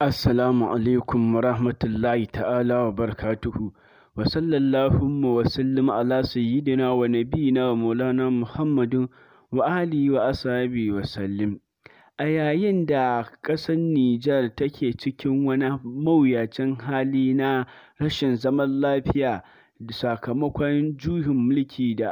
Assalamu alaikum wa rahmatullahi ta'ala wa barkatuhu wa sallallahu wa sallam ala sayyidina wa nabiyina wa maulana Muhammadin wa ali wa ashabi wa sallim a yayin da ƙasar Nijar take cikin wani mawuyacin hali na rashin zaman lafiya sakamakon juhin mulki da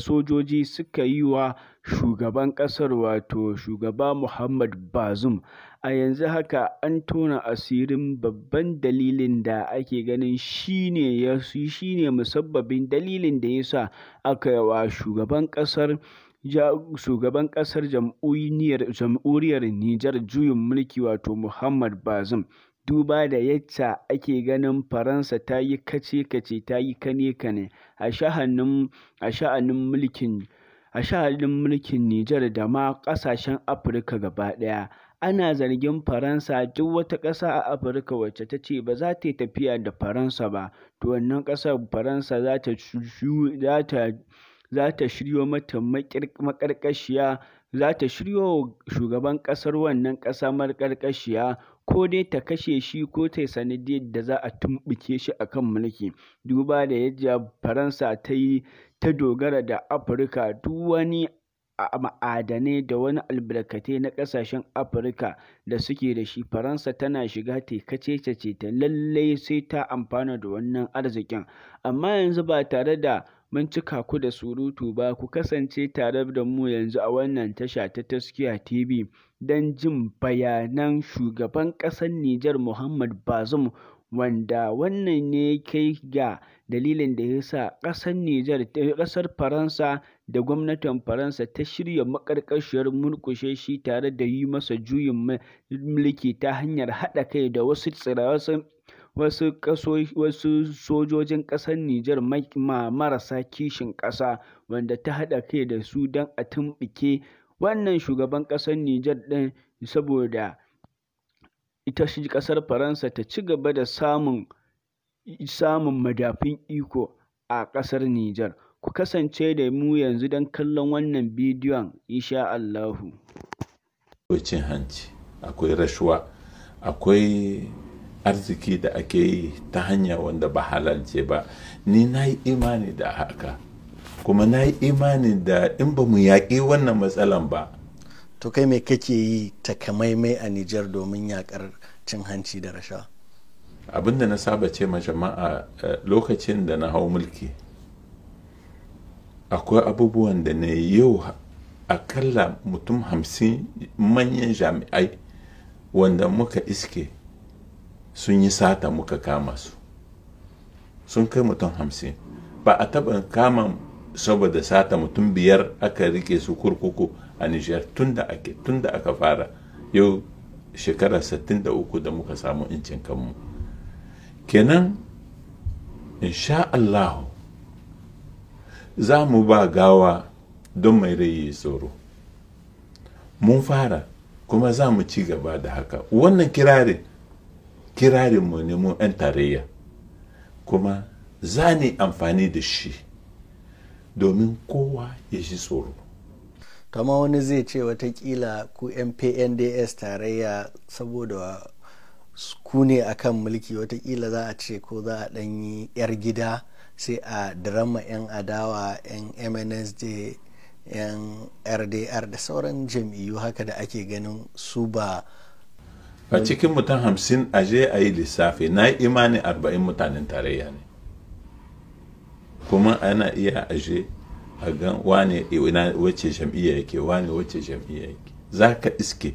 sojoji suka yi wa shugaban ƙasar wato Shugaba Muhammad Bazoum, a yanzu haka an tona asirin babban dalilin da ake ganin shi ne musabbabin dalilin da yasa sa aka yi shugaban ƙasar shugaban ƙasar jam'uriyar Nijar juyin mulki wato Muhammad Bazoum. Duba da yadda ake ganin Faransa ta yi kace-kace ta yi kane-kane a sha'anin mulkin a sha'anin mulkin Nijar da ma ƙasashen Afirka gaba ɗaya, ana zargin Faransa Duk wata ƙasa a Afirka wacce ta ce ba za ta yi tafiya da Faransa ba, to wannan ƙasar Faransa za ta shirya mata maƙarƙashiya za ta shiryo shugaban ƙasar wannan ƙasa maƙarƙashiya ko dai ta kashe shi ko ta yi da za a tumɓuke shi a kan mulki duba da yadda faransa ta yi ta dogara da afirka duk wani ma'adanai da wani albarkatai na ƙasashen afirka da suke da shi faransa tana shiga kace-kace ta lallai sai ta amfana da wannan arzikin amma yanzu ba tare da mun cika ku da surutu ba, ku kasance tare da mu yanzu a wannan tasha ta Taskiya TV don jin bayanan shugaban ƙasar Nijar Muhammad Bazum? wanda wannan ne kai ga dalilin da ya sa ƙasar Nijar ƙasar Faransa da gwamnatin Faransa ta shirya maƙarƙashiyar murƙushe shi tare da yi masa juyin mulki ta hanyar haɗa kai da wasu tsirawasan wasu sojojin ƙasar Nijar marasa kishin ƙasa, wanda ta haɗa kai da su don a tumɓuke wannan shugaban ƙasar Nijar ɗin saboda ita shi ƙasar Faransa ta ci gaba da samun madafin iko a ƙasar Nijar. Ku kasance da mu yanzu don kallon wannan bidiyon insha Allahu. Akwai cin hanci, akwai rashuwa, akwai arziki da ake yi ta hanya wanda ba halalce ba ni na yi imani da haka kuma na yi imani da in ba mu yaƙi wannan matsalan ba to kai mai kake yi takamaimai a nijar domin yaƙar cin hanci da abin da na saba ce ma jama'a eh, lokacin da na hau mulki akwai abubuwan da na yau akalla mutum hamsin manyan jami'ai wanda muka iske sun yi sata muka kama su sun kai mutum hamsin ba a taɓa kama saboda sata mutum biyar aka rike su kurkuku a nijar tun da ake tun da aka fara yau shekara 63 da muka samu incin kanmu kenan insha allahu za mu ba gawa don mai rayi tsoro mun fara kuma za mu ci gaba da haka wannan kirarin kirarinmu ne mu 'yan tarayya kuma za ni amfani da shi domin kowa ya ji tsoro kama wani zai ce watakila ku mpnds tarayya saboda ku ne akan mulki watakila za a ce ko za a yi 'yar gida sai a drama 'yan adawa 'yan mnsd 'yan rdr da sauran jam'iyyu haka da ake ganin su ba a cikin mutum hamsin a je a yi lissafi na yi imani arba'in mutanen tarayya ne kuma ana iya aje a gan wane wacce jam'iyya yake wane wacce jam'iyya yake za ka iske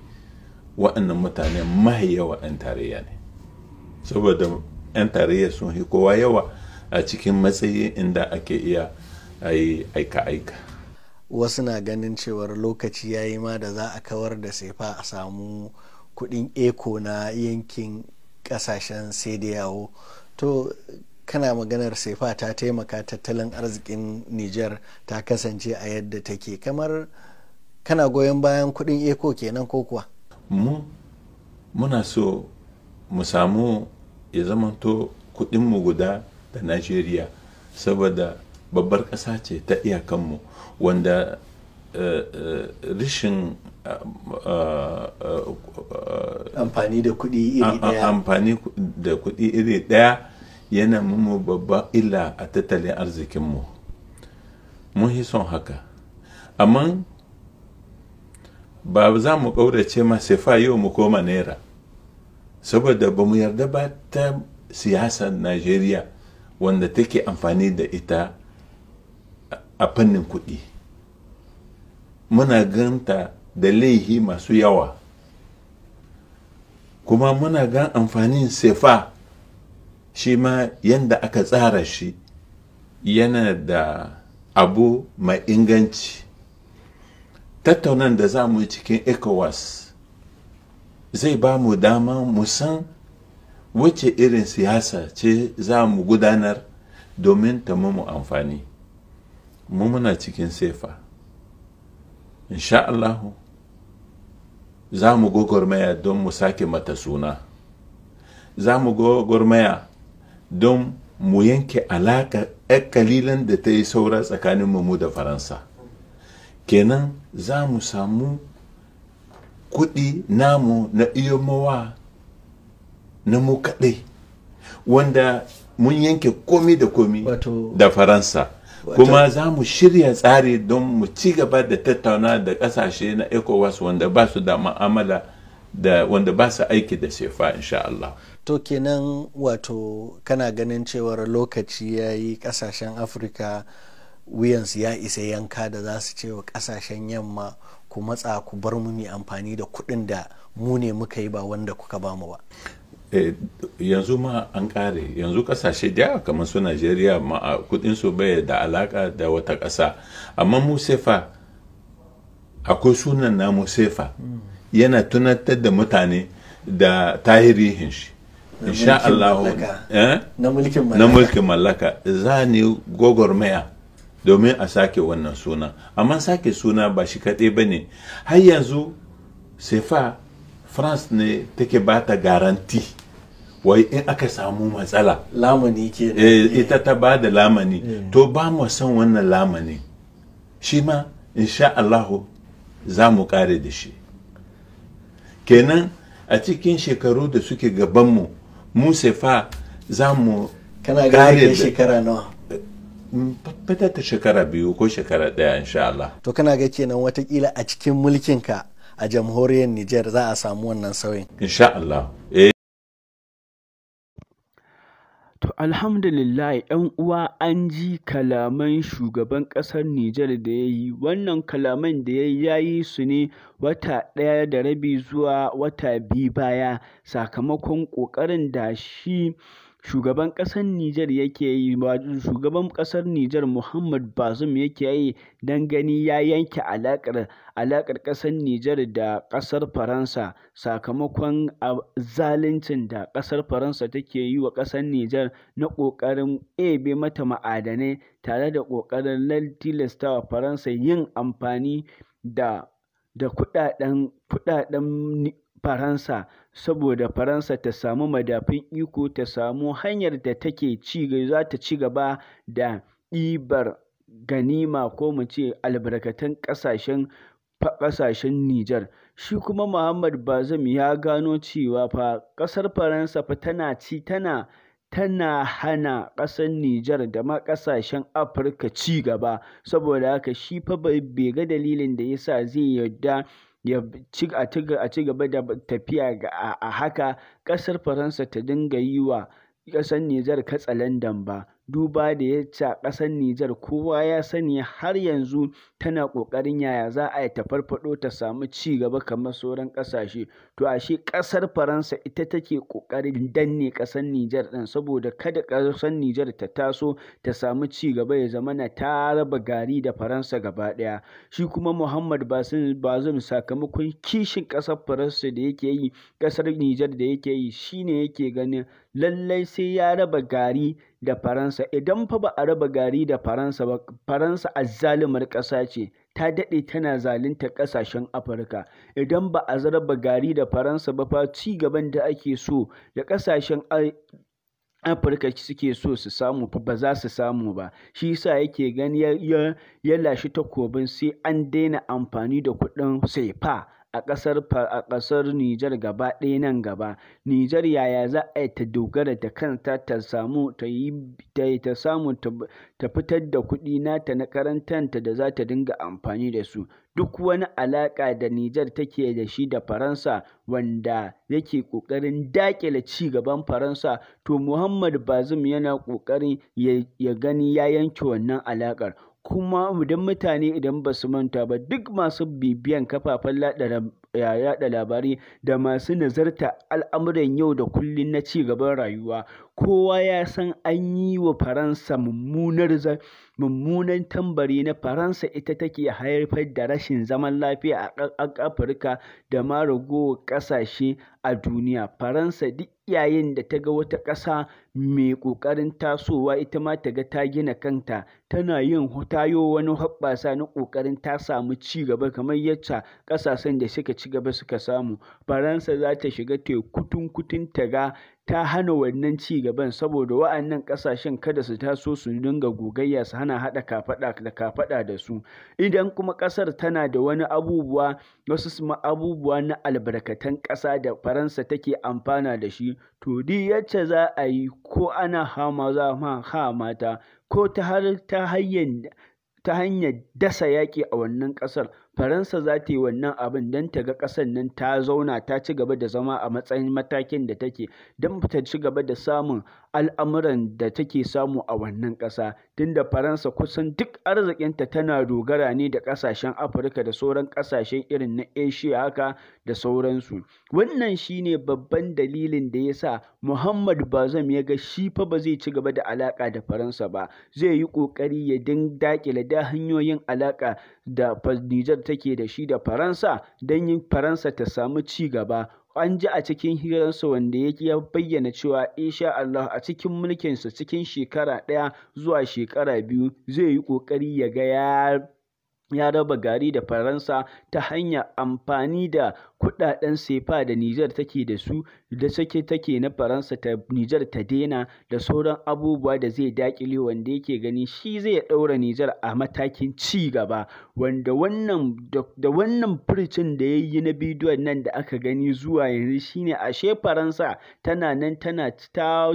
wa'annan mutane mahi yawa 'yan tarayya ne saboda 'yan tarayya sun yi kowa yawa a cikin matsayi inda ake iya a yi aika-aika wasu na ganin cewar lokaci ya yi ma da za a kawar da sefa a samu kudin eko na yankin kasashen sai to kana maganar sefa ta taimaka tattalin arzikin niger ta kasance a yadda take kamar kana goyon bayan kudin eko kenan ko kuwa mu muna so mu samu ya zamanto kudinmu guda da nigeria saboda babbar ƙasa ce ta iyakanmu wanda eh, eh, rishin amfani da kuɗi iri ɗaya amfani da kuɗi iri ɗaya yana mu babba illa a tattalin arzikinmu mun yi son haka amma ba za mu ƙaurace ma sefa yau mu koma naira saboda ba mu yarda ba ta siyasar najeriya wanda take amfani da ita a fannin kuɗi muna ganta da laihi masu yawa kuma muna gan amfanin sefa shi ma yadda aka tsara shi yana da abu mai inganci tattaunan da za mu cikin ecowas zai ba mu dama mu san wacce irin siyasa ce za mu gudanar domin ta mu amfani mu muna cikin sefa insha'allahu za mu gwagwarmaya don mu sake mata suna za mu gwagwarmaya don mu yanke alaƙa ‘yar kalilan da ta yi saura tsakanin mu da faransa kenan za mu samu kudi namu na iyo mawa na mu kaɗai wanda mun yanke komi da komi da faransa kuma za mu shirya tsari don mu ci gaba da tattauna da kasashe na ecowas wanda ba su da ma'amala da wanda ba su aiki da sefa insha Allah to kenan wato kana ganin cewar lokaci ya yi kasashen afirka wuyansu ya isa yanka da za su ce kasashen yamma ku matsa ku bar mu mai amfani da kuɗin da mu ne muka yi ba wanda kuka ba mu ba Eh, yanzu ma an kare yanzu kasashe da yawa kamar su najeriya ma a kudinsu bai da alaka da wata kasa amma musefa akwai sunan namu musefa mm. yana tunatar da mutane da tahirihin shi insha Allah eh? na mulkin mallaka za ne gwagwarmaya domin a sake wannan suna amma sake suna ba shi kaɗai ba ne har yanzu sefa france ne take ba ta garanti wai in aka samu matsala lamani ke eh ita ta ba da lamani eh. to ba mu san wannan lamani shi ma insha Allahu za mu kare da shi kenan a cikin shekaru da suke gabanmu mu fa za mu kana gani shekara nawa mm, fitar ta shekara biyu ko shekara daya insha Allah. To kana ga kenan watakila a cikin mulkinka a jamhuriyar Nijar za a samu wannan sauyin. Insha Allah. Eh. Alhamdulillah 'yan uwa an ji kalaman shugaban ƙasar Nijar da ya yi. Wannan kalaman da ya yi su ne wata ɗaya da rabi zuwa wata biyu baya, sakamakon ƙoƙarin da shi shugaban ƙasar Nijar yake yi shugaban ƙasar Nijar Muhammad Bazoum yake yi don gani ya yanke alaƙar alaƙar ƙasar Nijar da ƙasar Faransa sakamakon zaluncin da ƙasar Faransa take yi wa ƙasar Nijar na ƙoƙarin ebe mata ma'adanai tare da ƙoƙarin tilastawa Faransa yin amfani da da kuɗaɗen kuɗaɗen Faransa saboda Faransa ta samu madafun iko ta samu hanyar da take za ta ci gaba da ɗibar ganima ko mu ce albarkatun ƙasashen Nijar. Shi kuma muhammad Bazoum ya gano cewa fa ƙasar Faransa fa tana ci tana tana hana ƙasar Nijar da ma ƙasashen Afirka ci gaba, saboda haka shi fa bai ga dalilin da yasa zai yarda ya ci a ci gaba da tafiya a haka, ƙasar Faransa ta dinga yi wa ƙasar Nijar katsalandan ba. duba da yacca ƙasar Nijar kowa ya sani har yanzu tana ƙoƙarin yaya za a yi ta farfaɗo ta samu ci gaba kamar sauran ƙasashe, to ashe ƙasar Faransa ita take ƙoƙarin danne ƙasar Nijar ɗin saboda kada ƙasar Nijar ta taso ta samu ci gaba ya zama na ta raba gari da Faransa gaba ɗaya. Shi kuma Muhammad Bazoum sakamakon kishin ƙasar Faransa da yake yi, ƙasar Nijar da yake yi, shine yake ganin lallai sai ya raba gari da Faransa, idan fa ba a raba gari da Faransa ba, Faransa a zalimar ƙasa ce, ta daɗe tana zalunta ƙasashen Afirka. Idan ba a raba gari da Faransa ba fa ci gaban da ake so da ƙasashen Afirka suke so su samu ba za su samu ba, shi sa yake gani ya, lashi ya lashe takobin sai an daina amfani da kuɗin sefa a ƙasar Nijar gaba ɗaya nan gaba. Nijar yaya za a yi ta dogara da kanta ta samu ta fitar da kuɗi nata na karantanta da za ta dinga amfani da su. Duk wani alaƙa da Nijar take da shi da Faransa wanda yake ƙoƙarin daƙile ci gaban Faransa to Muhammad Bazoum yana ƙoƙarin ya gani ya yanke wannan alaƙar. kuma idan mutane idan ba su manta ba duk masu bibiyan kafafen yaɗa labarai da masu nazarta al'amuran yau da kullum na ci gaban rayuwa Kowa ya san an yi wa Faransa mummunan tambari na Faransa ita take haifar da rashin zaman lafiya a Afirka da ma ragowa ƙasashe a duniya. Faransa duk yayin da ta ga wata ƙasa mai ƙoƙarin tasowa ita ma ta ga ta gina kanta, tana yin wani hoɓɓasa na ƙoƙarin ta samu ci gaba kamar yadda ƙasashen da suka ci gaba suka samu. Faransa za ta shiga teku kutun ta ga ta hana wannan ci gaban saboda wa'annan ƙasashen kada su taso su dinga gogayya su hana haɗa kafaɗa da kafada da su idan kuma ƙasar tana da wani abubuwa wasu abubuwa na albarkatan ƙasa da faransa take amfana da shi to di yacce za a yi ko ana hama za ma ha mata ko ta har ta hanyar dasa yaƙi a wannan ƙasar Faransa za ta yi wannan abin don ta ga ƙasar nan ta zauna ta ci gaba da zama a matsayin matakin da take, don ta ci gaba da samun al'amuran da take samu a wannan ƙasa, tunda Faransa kusan duk arzikinta tana dogara ne da ƙasashen Afirka da sauran ƙasashen irin na Asia haka da sauransu. Wannan shine babban dalilin da ya sa Muhammad bazam ya ga shi fa ba zai ci gaba da alaƙa da Faransa ba, zai yi ƙoƙari ya din daƙile da hanyoyin alaƙa da Nijar take da shi da Faransa don yin Faransa ta samu ci gaba. an ji a cikin hirarsa wanda ya bayyana cewa insha Allah a cikin mulkinsa cikin shekara ɗaya zuwa shekara biyu zai yi ƙoƙari ya ga ya raba gari da Faransa ta hanyar amfani da kuɗaɗen sefa da Nijar take da su da sake take na Faransa ta Nijar ta daina da sauran abubuwa da zai dakile wanda yake gani shi zai ɗaura Nijar a matakin ci gaba wanda wannan da wannan furcin da ya yi na bidiyon nan da aka gani zuwa yanzu shine ashe Faransa tana nan tana ta,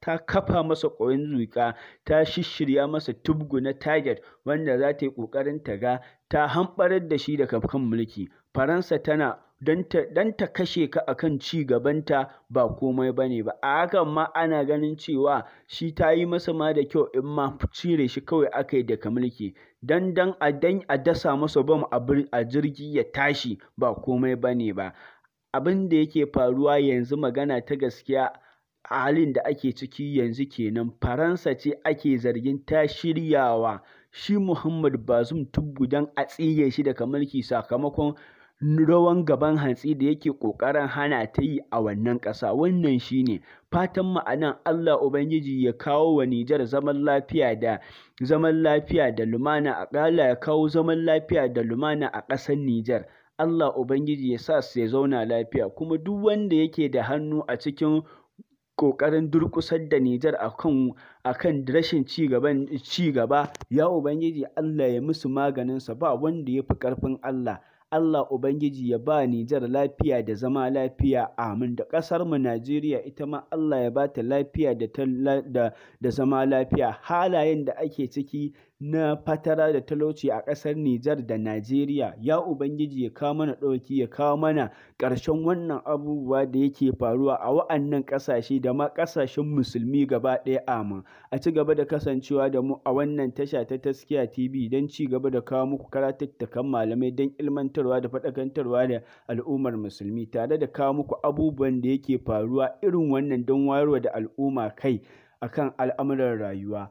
ta, kafa masa koyon zuƙa ta shishirya masa tubgu na target wanda za ta yi ƙoƙarin ta ga ta hamɓarar da shi daga kan mulki. Faransa tana don ta kashe ka a kan gabanta ba komai ba ne ba a hakan ma ana ganin cewa shi ta yi masa ma da kyau in ma cire shi kawai aka yi daga mulki don dan a dan a dasa masa bam a jirgi ya tashi ba komai ba ne ba abin da yake faruwa yanzu magana ta gaskiya a halin da ake ciki yanzu kenan faransa ce ake zargin ta shiryawa shi Muhammad Bazum tubu don a tsige shi daga mulki sakamakon rawan gaban hantsi da yake ƙoƙarin hana ta yi a wannan ƙasa wannan shi ne fatan ma'anan Allah ubangiji ya kawo wa Nijar zaman lafiya da zaman lafiya da lumana a ƙala ya kawo zaman lafiya da lumana a ƙasar Nijar Allah ubangiji ya sa su ya zauna lafiya kuma duk wanda yake da hannu a cikin ƙoƙarin durƙusar da Nijar a kan rashin ci gaba, ya Ubangiji Allah ya musu maganinsa, ba wanda ya fi ƙarfin Allah. Allah Ubangiji ya ba Nijar lafiya da zama lafiya, amin. Da ƙasarmu Najeriya ita ma Allah ya ba ta lafiya da zama lafiya. Halayen da ake ciki na fatara da talauci a ƙasar Nijar da Najeriya. Ya Ubangiji ya kawo mana ɗauki, ya kawo mana ƙarshen wannan abubuwa da yake faruwa a wa'annan ƙasashe da ma ƙasashen musulmi gaba ɗaya amin. A ci gaba da kasancewa da mu a wannan tasha ta Taskiya TV don ci gaba da kawo muku karatattakan malamai don ilmantarwa da faɗakantarwa da al'ummar musulmi tare da kawo muku abubuwan da yake faruwa irin wannan don wayarwa da al'umma kai akan al'amuran rayuwa.